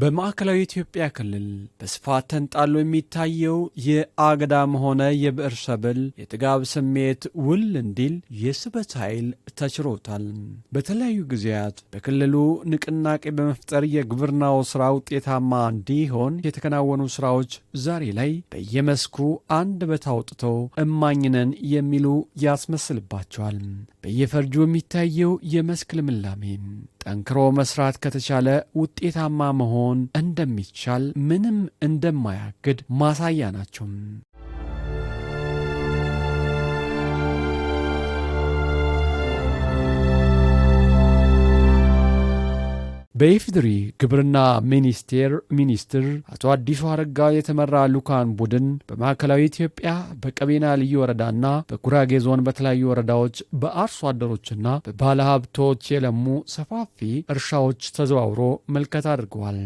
በማዕከላዊ ኢትዮጵያ ክልል በስፋት ተንጣሎ የሚታየው የአግዳም ሆነ የብዕር ሰብል የጥጋብ ስሜት ውል እንዲል የስበት ኃይል ተችሮታል። በተለያዩ ጊዜያት በክልሉ ንቅናቄ በመፍጠር የግብርናው ስራ ውጤታማ እንዲሆን የተከናወኑ ስራዎች ዛሬ ላይ በየመስኩ አንድ በት አውጥተው እማኝነን የሚሉ ያስመስልባቸዋል። በየፈርጁ የሚታየው የመስክ ልምላሜ ጠንክሮ መስራት ከተቻለ ውጤታማ መሆን እንደሚቻል ምንም እንደማያግድ ማሳያ ናቸው። በኢፌዴሪ ግብርና ሚኒስቴር ሚኒስትር አቶ አዲሱ አረጋ የተመራ ሉካን ቡድን በማዕከላዊ ኢትዮጵያ በቀቤና ልዩ ወረዳና በጉራጌ ዞን በተለያዩ ወረዳዎች በአርሶ አደሮችና በባለሀብቶች የለሙ ሰፋፊ እርሻዎች ተዘዋውሮ መልከት አድርገዋል።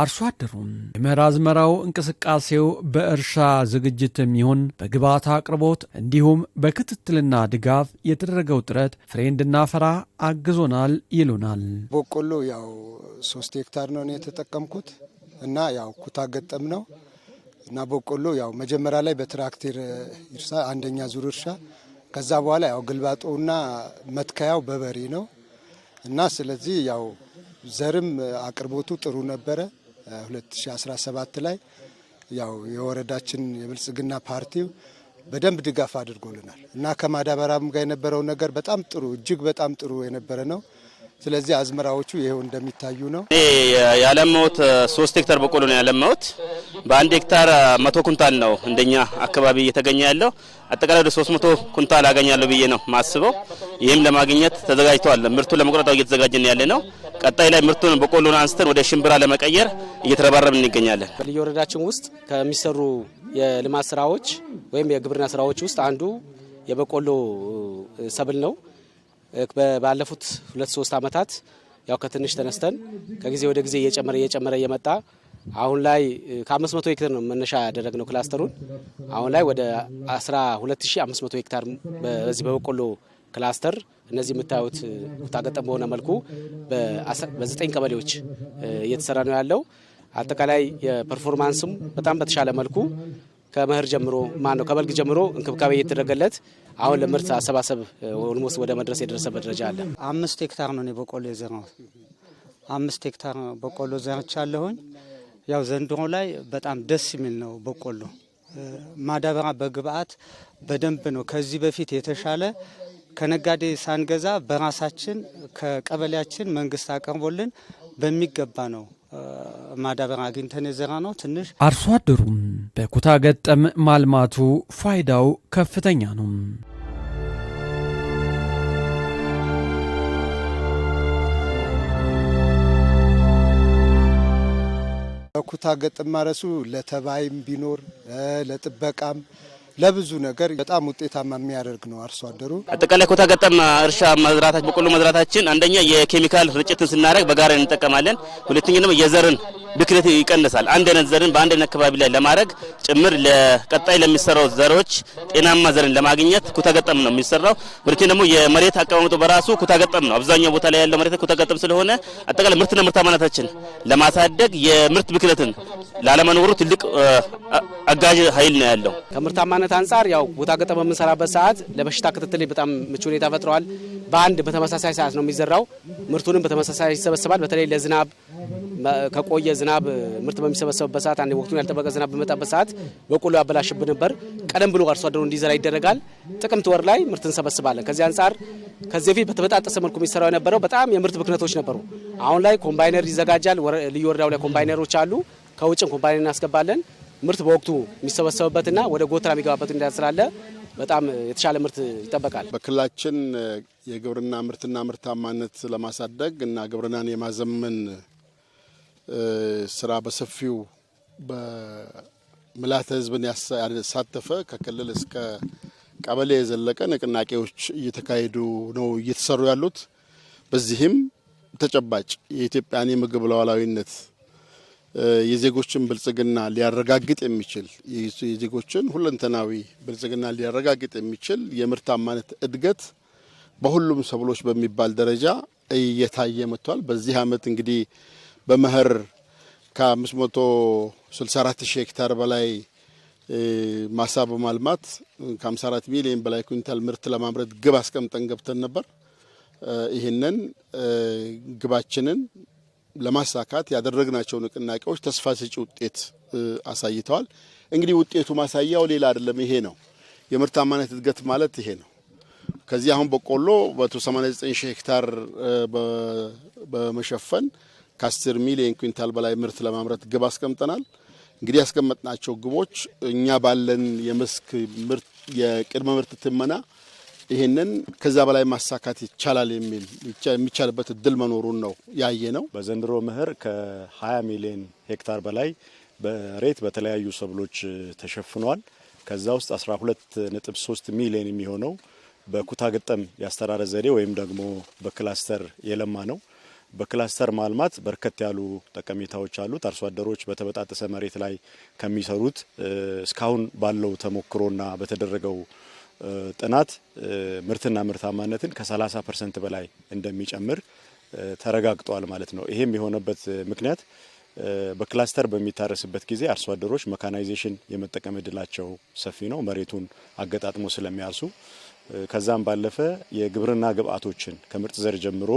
አርሶ አደሩም የመኸር አዝመራው እንቅስቃሴው በእርሻ ዝግጅትም ይሁን በግብዓት አቅርቦት እንዲሁም በክትትልና ድጋፍ የተደረገው ጥረት ፍሬ እንድናፈራ አግዞናል ይሉናል። በቆሎ ያው ሶስት ሄክታር ነው የተጠቀምኩት እና ያው ኩታ ገጠም ነው እና በቆሎ ያው መጀመሪያ ላይ በትራክተር ይርሳ አንደኛ ዙር እርሻ፣ ከዛ በኋላ ያው ግልባጦውና መትከያው በበሬ ነው እና ስለዚህ ያው ዘርም አቅርቦቱ ጥሩ ነበረ። 2017 ላይ ያው የወረዳችን የብልጽግና ፓርቲው በደንብ ድጋፍ አድርጎልናል እና ከማዳበራም ጋር የነበረው ነገር በጣም ጥሩ እጅግ በጣም ጥሩ የነበረ ነው። ስለዚህ አዝመራዎቹ ይኸው እንደሚታዩ ነው። እኔ ያለማሁት ሶስት ሄክታር በቆሎ ነው ያለማሁት። በአንድ ሄክታር መቶ ኩንታል ነው እንደኛ አካባቢ እየተገኘ ያለው። አጠቃላይ ወደ ሶስት መቶ ኩንታል አገኛለሁ ብዬ ነው ማስበው። ይህም ለማግኘት ተዘጋጅተዋል። ምርቱን ለመቆጣጠር እየተዘጋጀን ያለ ነው። ቀጣይ ላይ ምርቱን በቆሎን አንስተን ወደ ሽምብራ ለመቀየር እየተረባረብን እንገኛለን። በልዩ ወረዳችን ውስጥ ከሚሰሩ የልማት ስራዎች ወይም የግብርና ስራዎች ውስጥ አንዱ የበቆሎ ሰብል ነው። ባለፉት ሁለት ሶስት አመታት ያው ከትንሽ ተነስተን ከጊዜ ወደ ጊዜ እየጨመረ እየጨመረ እየመጣ አሁን ላይ ከ መቶ ሄክታር ነው መነሻ ያደረግነው ክላስተሩን አሁን ላይ ወደ መቶ ሄክታር በዚህ በበቆሎ ክላስተር እነዚህ የምታዩት ኩታገጠም በሆነ መልኩ በዘጠኝ ቀበሌዎች እየተሰራ ነው ያለው። አጠቃላይ የፐርፎርማንስም በጣም በተሻለ መልኩ ከመኸር ጀምሮ ማን ነው ከበልግ ጀምሮ እንክብካቤ እየተደረገለት አሁን ለምርት አሰባሰብ ኦልሞስት ወደ መድረስ የደረሰበት ደረጃ አለ። አምስት ሄክታር ነው በቆሎ የዘራሁት። አምስት ሄክታር በቆሎ ዘርቻለሁኝ። ያው ዘንድሮ ላይ በጣም ደስ የሚል ነው በቆሎ ማዳበሪያ በግብአት በደንብ ነው ከዚህ በፊት የተሻለ ከነጋዴ ሳንገዛ በራሳችን ከቀበሌያችን መንግስት አቀርቦልን በሚገባ ነው ማዳበር አግኝተን የዘራ ነው። ትንሽ አርሶ አደሩም በኩታ ገጠም ማልማቱ ፋይዳው ከፍተኛ ነው። በኩታ ገጠም ማረሱ ለተባይም ቢኖር ለጥበቃም ለብዙ ነገር በጣም ውጤታማ የሚያደርግ ነው። አርሶ አደሩ አጠቃላይ ኮታ ገጠም እርሻ መዝራታችን በቆሎ መዝራታችን አንደኛ የኬሚካል ርጭትን ስናደርግ በጋራ እንጠቀማለን። ሁለተኛ ደግሞ የዘርን ብክለት ይቀንሳል። አንድ አይነት ዘርን በአንድ አይነት አካባቢ ላይ ለማድረግ ጭምር ለቀጣይ ለሚሰራው ዘሮች ጤናማ ዘርን ለማግኘት ኩታገጠም ነው የሚሰራው። ምርት ደግሞ የመሬት አቀማመጡ በራሱ ኩታገጠም ነው። አብዛኛው ቦታ ላይ ያለው መሬት ኩታገጠም ስለሆነ አጠቃላይ ምርትና ምርታማነታችን ለማሳደግ የምርት ብክነትን ላለመኖሩ ትልቅ አጋዥ ኃይል ነው ያለው። ከምርታማነት አንጻር ያው ኩታገጠም በምንሰራበት ሰዓት ለበሽታ ክትትል በጣም ምቹ ሁኔታ ፈጥረዋል። በአንድ በተመሳሳይ ሰዓት ነው የሚዘራው። ምርቱንም በተመሳሳይ ይሰበስባል። በተለይ ለዝናብ ከቆየ ዝናብ ምርት በሚሰበሰብበት ሰዓት አንዴ ወቅቱን ያልጠበቀ ዝናብ በመጣበት ሰዓት በቆሎ ያበላሽብ ነበር። ቀደም ብሎ አርሶ አደሩ እንዲዘራ ይደረጋል። ጥቅምት ወር ላይ ምርት እንሰበስባለን። ከዚህ አንጻር ከዚህ በፊት በተበጣጠሰ መልኩ የሚሰራው የነበረው በጣም የምርት ብክነቶች ነበሩ። አሁን ላይ ኮምባይነር ይዘጋጃል። ልዩ ወረዳው ላይ ኮምባይነሮች አሉ። ከውጭን ኮምባይነር እናስገባለን። ምርት በወቅቱ የሚሰበሰብበትና ወደ ጎተራ የሚገባበት እንዳስላለ በጣም የተሻለ ምርት ይጠበቃል። በክልላችን የግብርና ምርትና ምርታማነት ለማሳደግ እና ግብርናን የማዘመን ስራ በሰፊው በምልዓተ ሕዝብን ያሳተፈ ከክልል እስከ ቀበሌ የዘለቀ ንቅናቄዎች እየተካሄዱ ነው እየተሰሩ ያሉት። በዚህም ተጨባጭ የኢትዮጵያን የምግብ ሉዓላዊነት የዜጎችን ብልጽግና ሊያረጋግጥ የሚችል የዜጎችን ሁለንተናዊ ብልጽግና ሊያረጋግጥ የሚችል የምርታማነት እድገት በሁሉም ሰብሎች በሚባል ደረጃ እየታየ መጥቷል። በዚህ ዓመት እንግዲህ በመኸር ከ564 ሺህ ሄክታር በላይ ማሳ በማልማት ከ54 ሚሊዮን በላይ ኩንታል ምርት ለማምረት ግብ አስቀምጠን ገብተን ነበር። ይህንን ግባችንን ለማሳካት ያደረግናቸው ንቅናቄዎች ተስፋ ሰጪ ውጤት አሳይተዋል። እንግዲህ ውጤቱ ማሳያው ሌላ አይደለም፣ ይሄ ነው። የምርታማነት እድገት ማለት ይሄ ነው። ከዚህ አሁን በቆሎ በ189 ሺህ ሄክታር በመሸፈን ከአስር ሚሊዮን ኩንታል በላይ ምርት ለማምረት ግብ አስቀምጠናል። እንግዲህ ያስቀመጥናቸው ግቦች እኛ ባለን የመስክ ምርት የቅድመ ምርት ትመና ይህንን ከዛ በላይ ማሳካት ይቻላል የሚል የሚቻልበት እድል መኖሩን ነው ያየ ነው። በዘንድሮ ምህር ከ20 ሚሊዮን ሄክታር በላይ በሬት በተለያዩ ሰብሎች ተሸፍኗል። ከዛ ውስጥ 12.3 ሚሊዮን የሚሆነው በኩታ ገጠም ያስተራረ ዘዴ ወይም ደግሞ በክላስተር የለማ ነው። በክላስተር ማልማት በርከት ያሉ ጠቀሜታዎች አሉት። አርሶ አደሮች በተበጣጠሰ መሬት ላይ ከሚሰሩት እስካሁን ባለው ተሞክሮና በተደረገው ጥናት ምርትና ምርታማነትን ከ30 ፐርሰንት በላይ እንደሚጨምር ተረጋግጧል ማለት ነው። ይሄም የሆነበት ምክንያት በክላስተር በሚታረስበት ጊዜ አርሶ አደሮች መካናይዜሽን የመጠቀም እድላቸው ሰፊ ነው፣ መሬቱን አገጣጥሞ ስለሚያርሱ። ከዛም ባለፈ የግብርና ግብዓቶችን ከምርጥ ዘር ጀምሮ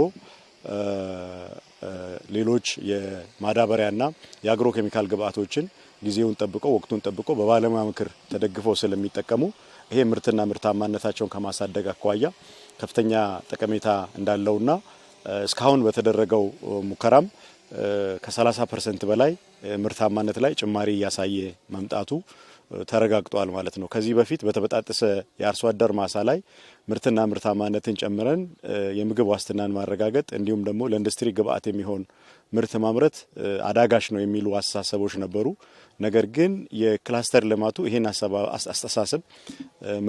ሌሎች የማዳበሪያና የአግሮ ኬሚካል ግብአቶችን ጊዜውን ጠብቆ ወቅቱን ጠብቆ በባለሙያ ምክር ተደግፈው ስለሚጠቀሙ ይሄ ምርትና ምርታማነታቸውን ከማሳደግ አኳያ ከፍተኛ ጠቀሜታ እንዳለውና እስካሁን በተደረገው ሙከራም ከ30 ፐርሰንት በላይ ምርታማነት ላይ ጭማሪ እያሳየ መምጣቱ ተረጋግጧል ማለት ነው። ከዚህ በፊት በተበጣጠሰ የአርሶ አደር ማሳ ላይ ምርትና ምርታማነትን ጨምረን የምግብ ዋስትናን ማረጋገጥ እንዲሁም ደግሞ ለኢንዱስትሪ ግብዓት የሚሆን ምርት ማምረት አዳጋች ነው የሚሉ አስተሳሰቦች ነበሩ። ነገር ግን የክላስተር ልማቱ ይህን አስተሳሰብ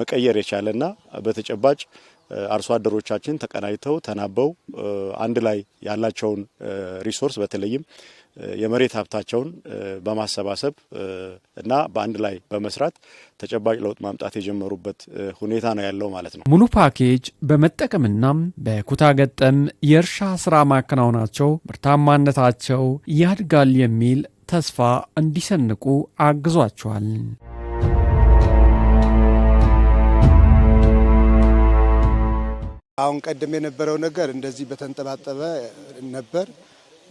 መቀየር የቻለና በተጨባጭ አርሶ አደሮቻችን ተቀናጅተው ተናበው አንድ ላይ ያላቸውን ሪሶርስ በተለይም የመሬት ሀብታቸውን በማሰባሰብ እና በአንድ ላይ በመስራት ተጨባጭ ለውጥ ማምጣት የጀመሩበት ሁኔታ ነው ያለው ማለት ነው። ሙሉ ፓኬጅ በመጠቀምና በኩታ ገጠም የእርሻ ስራ ማከናወናቸው ምርታማነታቸው ያድጋል የሚል ተስፋ እንዲሰንቁ አግዟቸዋል። አሁን ቀደም የነበረው ነገር እንደዚህ በተንጠባጠበ ነበር።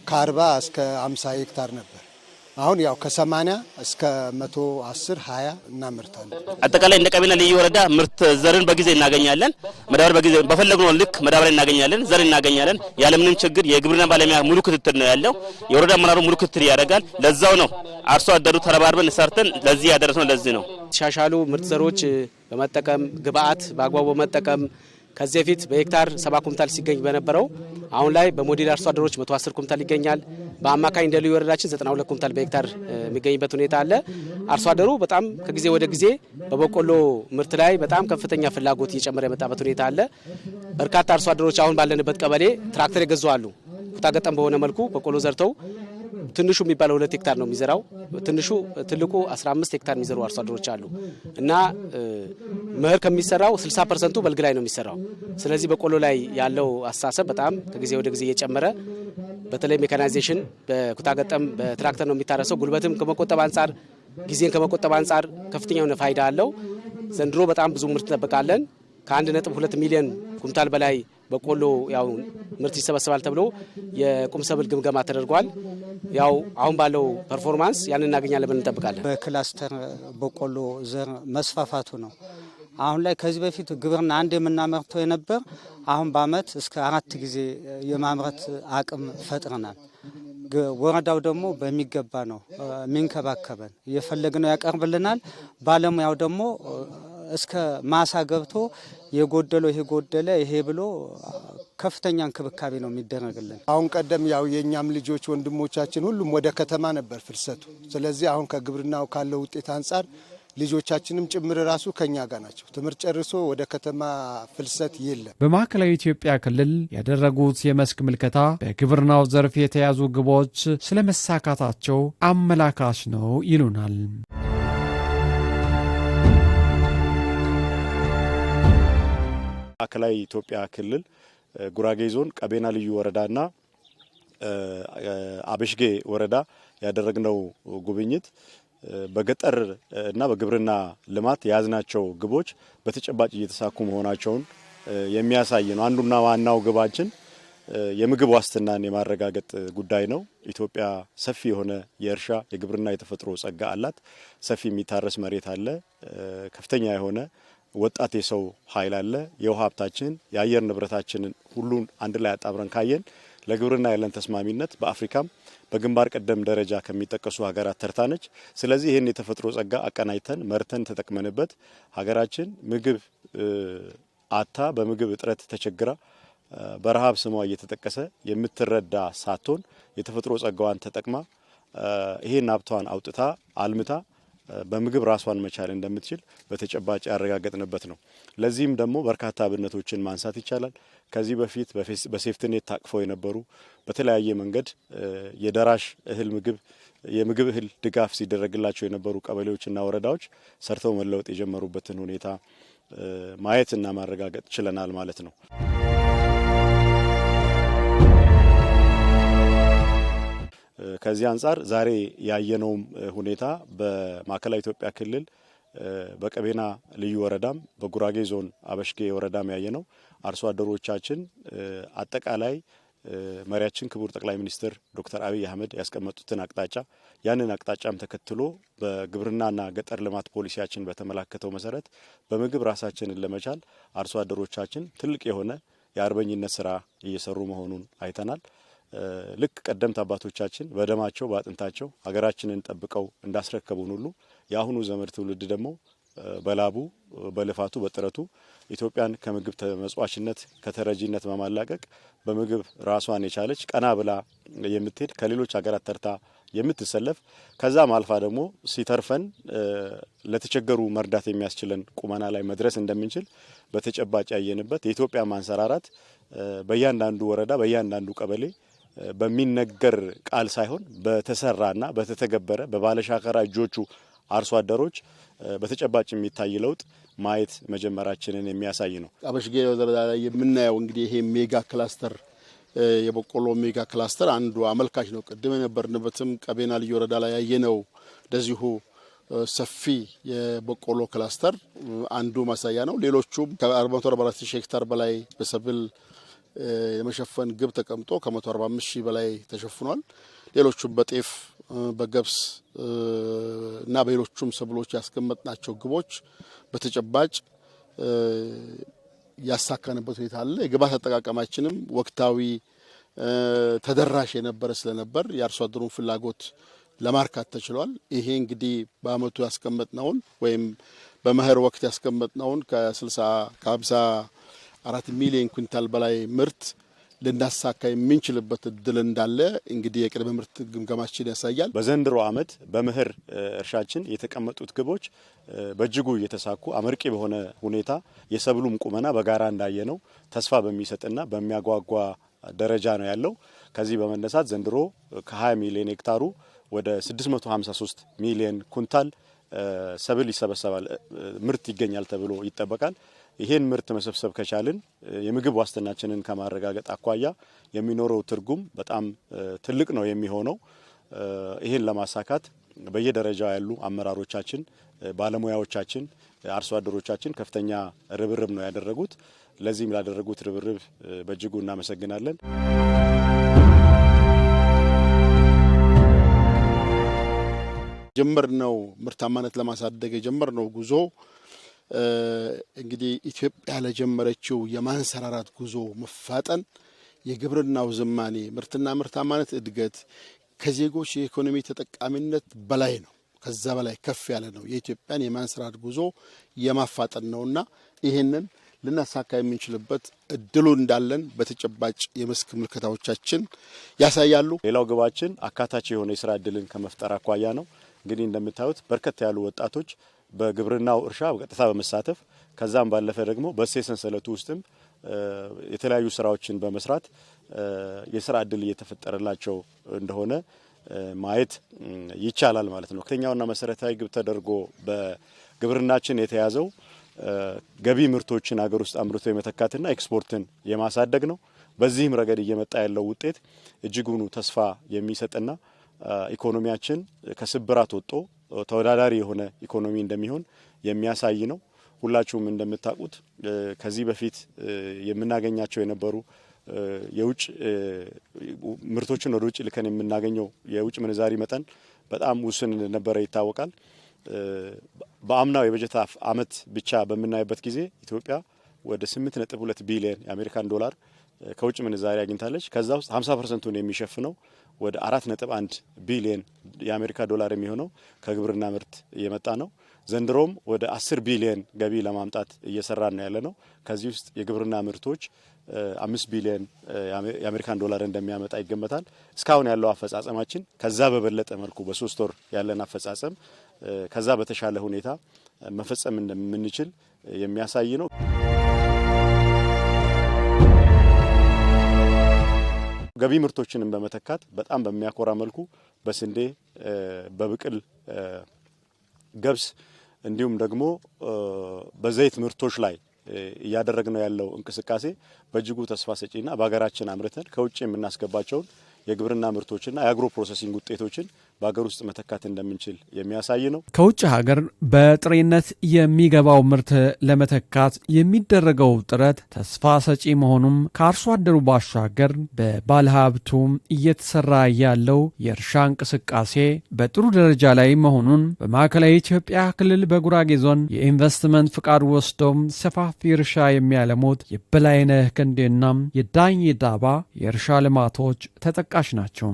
ከአርባ እስከ አምሳ ሄክታር ነበር። አሁን ያው ከሰማንያ እስከ መቶ አስር ሀያ እናምርታለን። አጠቃላይ እንደ ቀቤና ልዩ ወረዳ ምርት ዘርን በጊዜ እናገኛለን። መዳበር በጊዜ በፈለግነው ልክ መዳበሪያ እናገኛለን፣ ዘር እናገኛለን። ያለምንም ችግር የግብርና ባለሙያ ሙሉ ክትትል ነው ያለው። የወረዳ አመራሩ ሙሉ ክትትል ያደርጋል። ለዛው ነው አርሶ አደሩ ተረባርበን ሰርተን ለዚህ ያደረስነው። ለዚህ ነው የተሻሻሉ ምርት ዘሮች በመጠቀም ግብአት በአግባቡ በመጠቀም ከዚህ በፊት በሄክታር ሰባ ኩንታል ሲገኝ በነበረው አሁን ላይ በሞዴል አርሶ አደሮች 110 ኩንታል ይገኛል። በአማካኝ እንደ ልዩ ወረዳችን 92 ኩንታል በሄክታር የሚገኝበት ሁኔታ አለ። አርሶ አደሩ በጣም ከጊዜ ወደ ጊዜ በበቆሎ ምርት ላይ በጣም ከፍተኛ ፍላጎት እየጨመረ የመጣበት ሁኔታ አለ። በርካታ አርሶ አደሮች አሁን ባለንበት ቀበሌ ትራክተር የገዙ አሉ። ኩታ ገጠም በሆነ መልኩ በቆሎ ዘርተው ትንሹ የሚባለው ሁለት ሄክታር ነው የሚዘራው። ትንሹ ትልቁ 15 ሄክታር የሚዘሩ አርሶ አደሮች አሉ እና መኸር ከሚሰራው 60 ፐርሰንቱ በልግ ላይ ነው የሚሰራው። ስለዚህ በቆሎ ላይ ያለው አስተሳሰብ በጣም ከጊዜ ወደ ጊዜ እየጨመረ በተለይ ሜካናይዜሽን በኩታገጠም በትራክተር ነው የሚታረሰው። ጉልበትም ከመቆጠብ አንጻር ጊዜን ከመቆጠብ አንጻር ከፍተኛ የሆነ ፋይዳ አለው። ዘንድሮ በጣም ብዙ ምርት እንጠብቃለን። ከ ነጥብ ሚሊዮን ኩንታል በላይ በቆሎ ያው ምርት ይሰበሰባል ተብሎ የቁም ሰብል ግምገማ ተደርጓል። ያው አሁን ባለው ፐርፎርማንስ ያንን እናገኛለን ብለን እንጠብቃለን። በክላስተር በቆሎ ዘር መስፋፋቱ ነው። አሁን ላይ ከዚህ በፊት ግብርና አንድ የምናመርተው የነበር አሁን በአመት እስከ አራት ጊዜ የማምረት አቅም ፈጥረናል። ወረዳው ደግሞ በሚገባ ነው የሚንከባከበን፣ እየፈለግነው ያቀርብልናል። ባለሙያው ደግሞ እስከ ማሳ ገብቶ የጎደለው ይሄ ጎደለ ይሄ ብሎ ከፍተኛ እንክብካቤ ነው የሚደረግልን። አሁን ቀደም ያው የእኛም ልጆች ወንድሞቻችን ሁሉም ወደ ከተማ ነበር ፍልሰቱ። ስለዚህ አሁን ከግብርናው ካለው ውጤት አንጻር ልጆቻችንም ጭምር ራሱ ከኛ ጋር ናቸው። ትምህርት ጨርሶ ወደ ከተማ ፍልሰት የለም። በማዕከላዊ ኢትዮጵያ ክልል ያደረጉት የመስክ ምልከታ በግብርናው ዘርፍ የተያዙ ግቦች ስለመሳካታቸው አመላካች ነው ይሉናል። ማዕከላዊ ኢትዮጵያ ክልል ጉራጌ ዞን ቀቤና ልዩ ወረዳና አበሽጌ ወረዳ ያደረግነው ጉብኝት በገጠር እና በግብርና ልማት የያዝናቸው ግቦች በተጨባጭ እየተሳኩ መሆናቸውን የሚያሳይ ነው። አንዱና ዋናው ግባችን የምግብ ዋስትናን የማረጋገጥ ጉዳይ ነው። ኢትዮጵያ ሰፊ የሆነ የእርሻ የግብርና የተፈጥሮ ጸጋ አላት። ሰፊ የሚታረስ መሬት አለ። ከፍተኛ የሆነ ወጣት የሰው ኃይል አለ። የውሃ ሀብታችን፣ የአየር ንብረታችንን ሁሉን አንድ ላይ አጣብረን ካየን ለግብርና ያለን ተስማሚነት በአፍሪካም በግንባር ቀደም ደረጃ ከሚጠቀሱ ሀገራት ተርታነች። ስለዚህ ይህን የተፈጥሮ ጸጋ አቀናጅተን መርተን ተጠቅመንበት ሀገራችን ምግብ አታ በምግብ እጥረት ተቸግራ በረሃብ ስሟ እየተጠቀሰ የምትረዳ ሳትሆን የተፈጥሮ ጸጋዋን ተጠቅማ ይህን ሀብቷን አውጥታ አልምታ በምግብ ራሷን መቻል እንደምትችል በተጨባጭ ያረጋገጥንበት ነው። ለዚህም ደግሞ በርካታ አብነቶችን ማንሳት ይቻላል። ከዚህ በፊት በሴፍትኔት ታቅፈው የነበሩ በተለያየ መንገድ የደራሽ እህል ምግብ የምግብ እህል ድጋፍ ሲደረግላቸው የነበሩ ቀበሌዎችና ወረዳዎች ሰርተው መለወጥ የጀመሩበትን ሁኔታ ማየትና ማረጋገጥ ችለናል ማለት ነው። ከዚህ አንጻር ዛሬ ያየነውም ሁኔታ በማዕከላዊ ኢትዮጵያ ክልል በቀቤና ልዩ ወረዳም በጉራጌ ዞን አበሽጌ ወረዳም ያየነው አርሶ አደሮቻችን አጠቃላይ መሪያችን ክቡር ጠቅላይ ሚኒስትር ዶክተር አብይ አህመድ ያስቀመጡትን አቅጣጫ ያንን አቅጣጫም ተከትሎ በግብርናና ገጠር ልማት ፖሊሲያችን በተመላከተው መሰረት በምግብ ራሳችንን ለመቻል አርሶ አደሮቻችን ትልቅ የሆነ የአርበኝነት ስራ እየሰሩ መሆኑን አይተናል። ልክ ቀደምት አባቶቻችን በደማቸው በአጥንታቸው ሀገራችንን ጠብቀው እንዳስረከቡን ሁሉ የአሁኑ ዘመድ ትውልድ ደግሞ በላቡ በልፋቱ በጥረቱ ኢትዮጵያን ከምግብ ተመጽዋችነት ከተረጂነት በማላቀቅ በምግብ ራሷን የቻለች ቀና ብላ የምትሄድ ከሌሎች ሀገራት ተርታ የምትሰለፍ ከዛም አልፋ ደግሞ ሲተርፈን ለተቸገሩ መርዳት የሚያስችለን ቁመና ላይ መድረስ እንደምንችል በተጨባጭ ያየንበት የኢትዮጵያ ማንሰራራት በእያንዳንዱ ወረዳ በእያንዳንዱ ቀበሌ በሚነገር ቃል ሳይሆን በተሰራና በተተገበረ በባለሻከራ እጆቹ አርሶ አደሮች በተጨባጭ የሚታይ ለውጥ ማየት መጀመራችንን የሚያሳይ ነው። አበሽጌ ወረዳ ላይ የምናየው እንግዲህ ይሄ ሜጋ ክላስተር የበቆሎ ሜጋ ክላስተር አንዱ አመልካች ነው። ቅድም የነበርንበትም ቀቤና ልዩ ወረዳ ላይ ያየነው እንደዚሁ ሰፊ የበቆሎ ክላስተር አንዱ ማሳያ ነው። ሌሎቹም ከ 44 ሺህ ሄክታር በላይ በሰብል የመሸፈን ግብ ተቀምጦ ከ145 ሺህ በላይ ተሸፍኗል። ሌሎቹም በጤፍ በገብስ እና በሌሎቹም ሰብሎች ያስቀመጥናቸው ግቦች በተጨባጭ ያሳካንበት ሁኔታ አለ። የግብዓት አጠቃቀማችንም ወቅታዊ ተደራሽ የነበረ ስለነበር የአርሶ አደሩን ፍላጎት ለማርካት ተችሏል። ይሄ እንግዲህ በአመቱ ያስቀመጥነውን ወይም በመኸር ወቅት ያስቀመጥነውን ከ60 ከ50 አራት ሚሊዮን ኩንታል በላይ ምርት ልናሳካ የምንችልበት እድል እንዳለ እንግዲህ የቅድመ ምርት ግምገማችን ያሳያል። በዘንድሮ ዓመት በምህር እርሻችን የተቀመጡት ግቦች በእጅጉ እየተሳኩ አመርቂ በሆነ ሁኔታ የሰብሉም ቁመና በጋራ እንዳየነው ተስፋ በሚሰጥና በሚያጓጓ ደረጃ ነው ያለው። ከዚህ በመነሳት ዘንድሮ ከ20 ሚሊዮን ሄክታሩ ወደ 653 ሚሊዮን ኩንታል ሰብል ይሰበሰባል፣ ምርት ይገኛል ተብሎ ይጠበቃል። ይሄን ምርት መሰብሰብ ከቻልን የምግብ ዋስትናችንን ከማረጋገጥ አኳያ የሚኖረው ትርጉም በጣም ትልቅ ነው የሚሆነው። ይሄን ለማሳካት በየደረጃው ያሉ አመራሮቻችን፣ ባለሙያዎቻችን፣ አርሶ አደሮቻችን ከፍተኛ ርብርብ ነው ያደረጉት። ለዚህም ላደረጉት ርብርብ በእጅጉ እናመሰግናለን። ጀመርነው ምርታማነት ለማሳደግ የጀመርነው ጉዞ እንግዲህ ኢትዮጵያ ለጀመረችው የማንሰራራት ጉዞ መፋጠን የግብርናው ዝማኔ ምርትና ምርታማነት እድገት ከዜጎች የኢኮኖሚ ተጠቃሚነት በላይ ነው። ከዛ በላይ ከፍ ያለ ነው። የኢትዮጵያን የማንሰራራት ጉዞ የማፋጠን ነውና ይህንን ልናሳካ የምንችልበት እድሉ እንዳለን በተጨባጭ የመስክ ምልከታዎቻችን ያሳያሉ። ሌላው ግባችን አካታች የሆነ የስራ እድልን ከመፍጠር አኳያ ነው። እንግዲህ እንደምታዩት በርከት ያሉ ወጣቶች በግብርናው እርሻ በቀጥታ በመሳተፍ ከዛም ባለፈ ደግሞ በሴ ሰንሰለቱ ውስጥም የተለያዩ ስራዎችን በመስራት የስራ እድል እየተፈጠረላቸው እንደሆነ ማየት ይቻላል ማለት ነው። ሁለተኛውና መሰረታዊ ግብ ተደርጎ በግብርናችን የተያዘው ገቢ ምርቶችን ሀገር ውስጥ አምርቶ የመተካትና ኤክስፖርትን የማሳደግ ነው። በዚህም ረገድ እየመጣ ያለው ውጤት እጅጉኑ ተስፋ የሚሰጥና ኢኮኖሚያችን ከስብራት ወጥቶ ተወዳዳሪ የሆነ ኢኮኖሚ እንደሚሆን የሚያሳይ ነው። ሁላችሁም እንደምታውቁት ከዚህ በፊት የምናገኛቸው የነበሩ የውጭ ምርቶችን ወደ ውጭ ልከን የምናገኘው የውጭ ምንዛሪ መጠን በጣም ውስን እንደነበረ ይታወቃል። በአምናው የበጀት አመት ብቻ በምናይበት ጊዜ ኢትዮጵያ ወደ 8.2 ቢሊዮን የአሜሪካን ዶላር ከውጭ ምንዛሪ አግኝታለች። ከዛ ውስጥ 50 ፐርሰንቱን የሚሸፍነው ወደ አራት ነጥብ አንድ ቢሊየን የአሜሪካ ዶላር የሚሆነው ከግብርና ምርት እየመጣ ነው። ዘንድሮም ወደ 10 ቢሊየን ገቢ ለማምጣት እየሰራ ነው ያለ ነው። ከዚህ ውስጥ የግብርና ምርቶች አምስት ቢሊየን የአሜሪካን ዶላር እንደሚያመጣ ይገመታል። እስካሁን ያለው አፈጻጸማችን ከዛ በበለጠ መልኩ በሶስት ወር ያለን አፈጻጸም ከዛ በተሻለ ሁኔታ መፈጸም እንደምንችል የሚያሳይ ነው። ገቢ ምርቶችንም በመተካት በጣም በሚያኮራ መልኩ በስንዴ፣ በብቅል ገብስ እንዲሁም ደግሞ በዘይት ምርቶች ላይ እያደረግነው ያለው እንቅስቃሴ በእጅጉ ተስፋ ሰጪና በሀገራችን አምርተን ከውጭ የምናስገባቸውን የግብርና ምርቶችና የአግሮ ፕሮሰሲንግ ውጤቶችን በሀገር ውስጥ መተካት እንደምንችል የሚያሳይ ነው። ከውጭ ሀገር በጥሬነት የሚገባው ምርት ለመተካት የሚደረገው ጥረት ተስፋ ሰጪ መሆኑም ከአርሶ አደሩ ባሻገር በባለሀብቱም እየተሰራ ያለው የእርሻ እንቅስቃሴ በጥሩ ደረጃ ላይ መሆኑን በማዕከላዊ ኢትዮጵያ ክልል በጉራጌ ዞን የኢንቨስትመንት ፍቃድ ወስዶም ሰፋፊ እርሻ የሚያለሙት የበላይነህ ክንዴና የዳኝ ዳባ የእርሻ ልማቶች ተጠቃሽ ናቸው።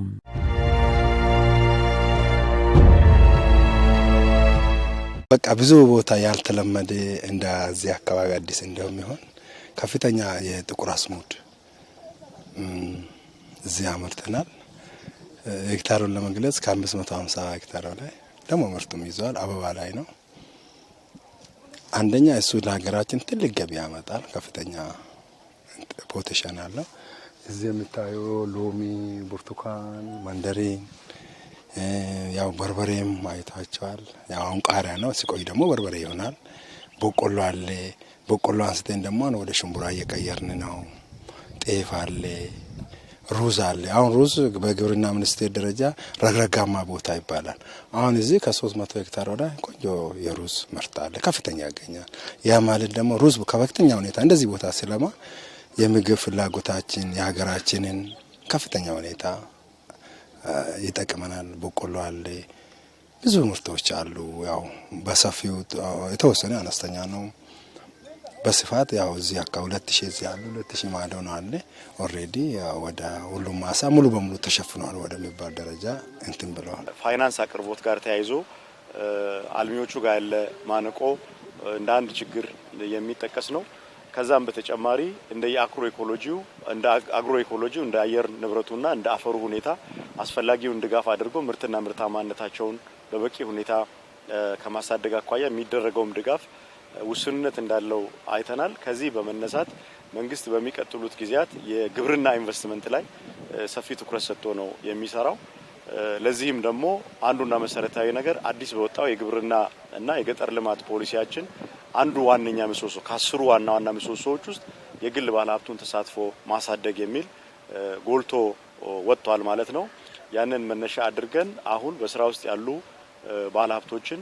በቃ ብዙ ቦታ ያልተለመደ እንደዚህ አካባቢ አዲስ እንዲሁም ይሆን ከፍተኛ የጥቁር አስሙድ እዚህ አምርተናል። ሄክታሩን ለመግለጽ ከ550 ሄክታር ላይ ደግሞ ምርቱም ይዘዋል። አበባ ላይ ነው። አንደኛ እሱ ለሀገራችን ትልቅ ገቢ ያመጣል። ከፍተኛ ፖቴንሻል አለው። እዚህ የምታየው ሎሚ፣ ብርቱካን፣ ማንደሪን ያው በርበሬም አይታቸዋል። ያው አሁን ቃሪያ ነው፣ ሲቆይ ደግሞ በርበሬ ይሆናል። በቆሎ አለ። በቆሎ አንስተን ደግሞ ወደ ሽምቡራ እየቀየርን ነው። ጤፍ አለ፣ ሩዝ አለ። አሁን ሩዝ በግብርና ሚኒስቴር ደረጃ ረግረጋማ ቦታ ይባላል። አሁን እዚህ ከሶስት መቶ ሄክታር ወደ ቆንጆ የሩዝ ምርት አለ፣ ከፍተኛ ያገኛል። ያ ማለት ደግሞ ሩዝ ከፍተኛ ሁኔታ እንደዚህ ቦታ ስለማ የምግብ ፍላጎታችን የሀገራችንን ከፍተኛ ሁኔታ ይጠቅመናል። በቆሎ አለ፣ ብዙ ምርቶች አሉ። ያው በሰፊው የተወሰነ አነስተኛ ነው። በስፋት ያው እዚህ አካ ሁለት ሺ እዚህ አሉ ሁለት ሺ ማዶ ነው አለ ኦልሬዲ ወደ ሁሉም ማሳ ሙሉ በሙሉ ተሸፍኗል ወደሚባል ደረጃ እንትን ብለዋል። ፋይናንስ አቅርቦት ጋር ተያይዞ አልሚዎቹ ጋር ያለ ማነቆ እንደ አንድ ችግር የሚጠቀስ ነው። ከዛም በተጨማሪ እንደ የአክሮ ኢኮሎጂው እንደ አግሮ ኢኮሎጂው እንደ አየር ንብረቱና እንደ አፈሩ ሁኔታ አስፈላጊውን ድጋፍ አድርጎ ምርትና ምርታማነታቸውን በበቂ ሁኔታ ከማሳደግ አኳያ የሚደረገውም ድጋፍ ውስንነት እንዳለው አይተናል። ከዚህ በመነሳት መንግስት በሚቀጥሉት ጊዜያት የግብርና ኢንቨስትመንት ላይ ሰፊ ትኩረት ሰጥቶ ነው የሚሰራው። ለዚህም ደግሞ አንዱና መሰረታዊ ነገር አዲስ በወጣው የግብርና እና የገጠር ልማት ፖሊሲያችን አንዱ ዋነኛ ምሰሶ ከአስሩ ዋና ዋና ምሰሶዎች ውስጥ የግል ባለሀብቱን ተሳትፎ ማሳደግ የሚል ጎልቶ ወጥቷል ማለት ነው። ያንን መነሻ አድርገን አሁን በስራ ውስጥ ያሉ ባለሀብቶችን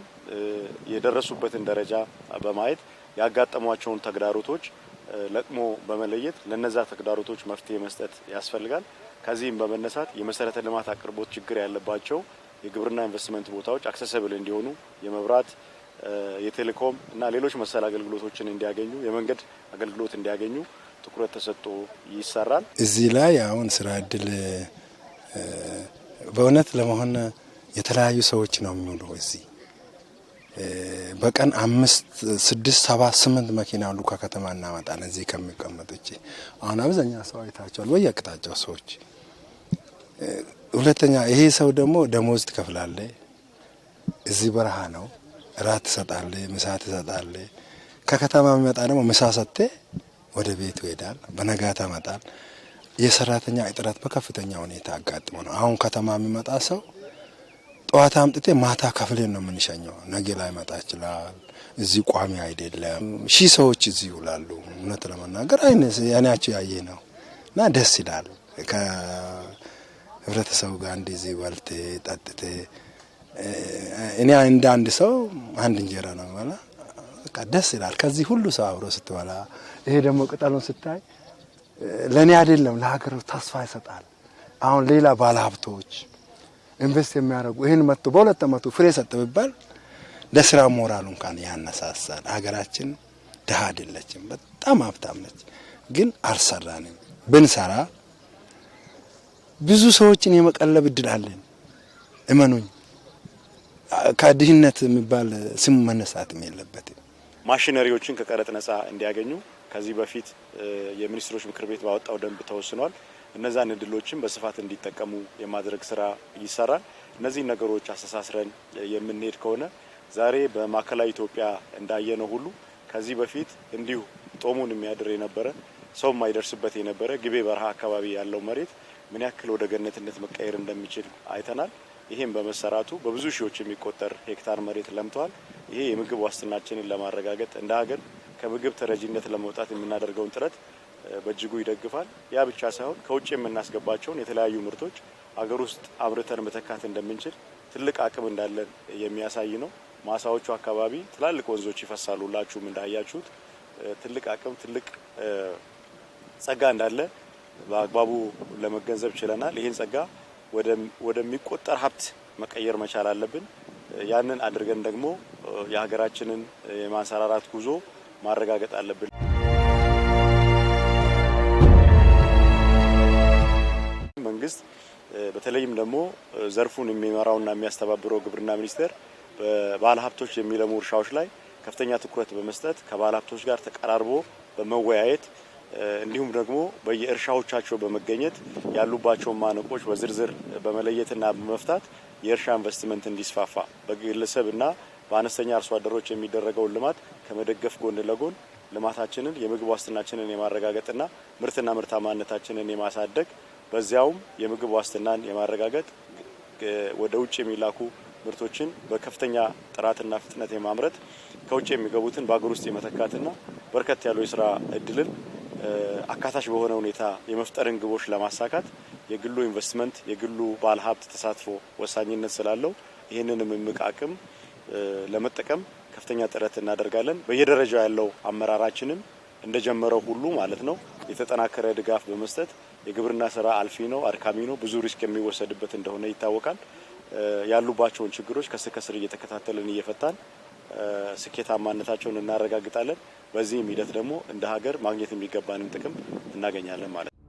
የደረሱበትን ደረጃ በማየት ያጋጠሟቸውን ተግዳሮቶች ለቅሞ በመለየት ለነዛ ተግዳሮቶች መፍትሄ መስጠት ያስፈልጋል። ከዚህም በመነሳት የመሰረተ ልማት አቅርቦት ችግር ያለባቸው የግብርና ኢንቨስትመንት ቦታዎች አክሰሰብል እንዲሆኑ የመብራት፣ የቴሌኮም እና ሌሎች መሰል አገልግሎቶችን እንዲያገኙ የመንገድ አገልግሎት እንዲያገኙ ትኩረት ተሰጥቶ ይሰራል። እዚህ ላይ አሁን ስራ እድል በእውነት ለመሆን የተለያዩ ሰዎች ነው የሚውሉ እዚህ በቀን አምስት ስድስት ሰባት ስምንት መኪና ሁሉ ከከተማ እናመጣለን። እዚህ ከሚቀመጥ ውጭ አሁን አብዛኛ ሰው አይታቸዋል። በየአቅጣጫው ሰዎች ሁለተኛ ይሄ ሰው ደግሞ ደሞዝ ትከፍላለ፣ እዚህ በረሃ ነው፣ እራት ትሰጣለ፣ ምሳ ትሰጣለ። ከከተማ የሚመጣ ደግሞ ምሳ ሰጥቴ ወደ ቤቱ ይሄዳል፣ በነጋታ ይመጣል። የሰራተኛ እጥረት በከፍተኛ ሁኔታ አጋጥሞ ነው። አሁን ከተማ የሚመጣ ሰው ጠዋት አምጥቴ ማታ ከፍሌን ነው የምንሸኘው። ነገ ላይ መጣ ይችላል። እዚህ ቋሚ አይደለም። ሺህ ሰዎች እዚህ ይውላሉ። እውነት ለመናገር አይነ ያኔያቸው ያየ ነው እና ደስ ይላል። ህብረተሰቡ ጋር እንደዚህ በልቴ ጠጥቴ እኔ እንደ አንድ ሰው አንድ እንጀራ ነው የሚበላ። በቃ ደስ ይላል ከዚህ ሁሉ ሰው አብሮ ስትበላ። ይሄ ደግሞ ቅጠሉን ስታይ ለእኔ አይደለም ለሀገር ተስፋ ይሰጣል። አሁን ሌላ ባለሀብቶች ኢንቨስት የሚያደርጉ ይህን መቶ በሁለት መቶ ፍሬ ሰጥ ብባል ለስራ ሞራሉ እንኳን ያነሳሳል። ሀገራችን ድሃ አይደለችም፣ በጣም ሀብታም ነች። ግን አልሰራንም ብንሰራ ብዙ ሰዎችን የመቀለብ እድል አለን። እመኑኝ፣ ከድህነት የሚባል ስም መነሳትም የለበትም። ማሽነሪዎችን ከቀረጥ ነጻ እንዲያገኙ ከዚህ በፊት የሚኒስትሮች ምክር ቤት ባወጣው ደንብ ተወስኗል። እነዛን እድሎችን በስፋት እንዲጠቀሙ የማድረግ ስራ ይሰራል። እነዚህ ነገሮች አስተሳስረን የምንሄድ ከሆነ ዛሬ በማዕከላዊ ኢትዮጵያ እንዳየነው ሁሉ ከዚህ በፊት እንዲሁ ጦሙን የሚያድር የነበረ ሰው የማይደርስበት የነበረ ግቤ በረሃ አካባቢ ያለው መሬት ምን ያክል ወደ ገነትነት መቀየር እንደሚችል አይተናል። ይህም በመሰራቱ በብዙ ሺዎች የሚቆጠር ሄክታር መሬት ለምተዋል። ይሄ የምግብ ዋስትናችንን ለማረጋገጥ እንደ ሀገር ከምግብ ተረጂነት ለመውጣት የምናደርገውን ጥረት በእጅጉ ይደግፋል። ያ ብቻ ሳይሆን ከውጭ የምናስገባቸውን የተለያዩ ምርቶች አገር ውስጥ አምርተን መተካት እንደምንችል ትልቅ አቅም እንዳለን የሚያሳይ ነው። ማሳዎቹ አካባቢ ትላልቅ ወንዞች ይፈሳሉ። ሁላችሁም እንዳያችሁት ትልቅ አቅም ትልቅ ጸጋ እንዳለ በአግባቡ ለመገንዘብ ችለናል። ይህን ጸጋ ወደሚቆጠር ሀብት መቀየር መቻል አለብን። ያንን አድርገን ደግሞ የሀገራችንን የማንሰራራት ጉዞ ማረጋገጥ አለብን። መንግስት በተለይም ደግሞ ዘርፉን የሚመራውና የሚያስተባብረው ግብርና ሚኒስቴር በባለ ሀብቶች የሚለሙ እርሻዎች ላይ ከፍተኛ ትኩረት በመስጠት ከባለ ሀብቶች ጋር ተቀራርቦ በመወያየት እንዲሁም ደግሞ በየእርሻዎቻቸው በመገኘት ያሉባቸውን ማነቆች በዝርዝር በመለየትና በመፍታት የእርሻ ኢንቨስትመንት እንዲስፋፋ በግለሰብና በአነስተኛ አርሶ አደሮች የሚደረገውን ልማት ከመደገፍ ጎን ለጎን ልማታችንን የምግብ ዋስትናችንን የማረጋገጥና ምርትና ምርታማነታችንን የማሳደግ በዚያውም የምግብ ዋስትናን የማረጋገጥ ወደ ውጭ የሚላኩ ምርቶችን በከፍተኛ ጥራትና ፍጥነት የማምረት ከውጭ የሚገቡትን በአገር ውስጥ የመተካትና በርከት ያለው የስራ እድልን አካታች በሆነ ሁኔታ የመፍጠርን ግቦች ለማሳካት የግሉ ኢንቨስትመንት የግሉ ባለሀብት ተሳትፎ ወሳኝነት ስላለው ይህንንም እምቅ አቅም ለመጠቀም ከፍተኛ ጥረት እናደርጋለን። በየደረጃው ያለው አመራራችንም እንደጀመረው ሁሉ ማለት ነው የተጠናከረ ድጋፍ በመስጠት የግብርና ስራ አልፊ ነው፣ አድካሚ ነው፣ ብዙ ሪስክ የሚወሰድበት እንደሆነ ይታወቃል። ያሉባቸውን ችግሮች ከስር ከስር እየተከታተልን እየፈታን ስኬታማነታቸውን እናረጋግጣለን። በዚህም ሂደት ደግሞ እንደ ሀገር ማግኘት የሚገባንን ጥቅም እናገኛለን ማለት ነው።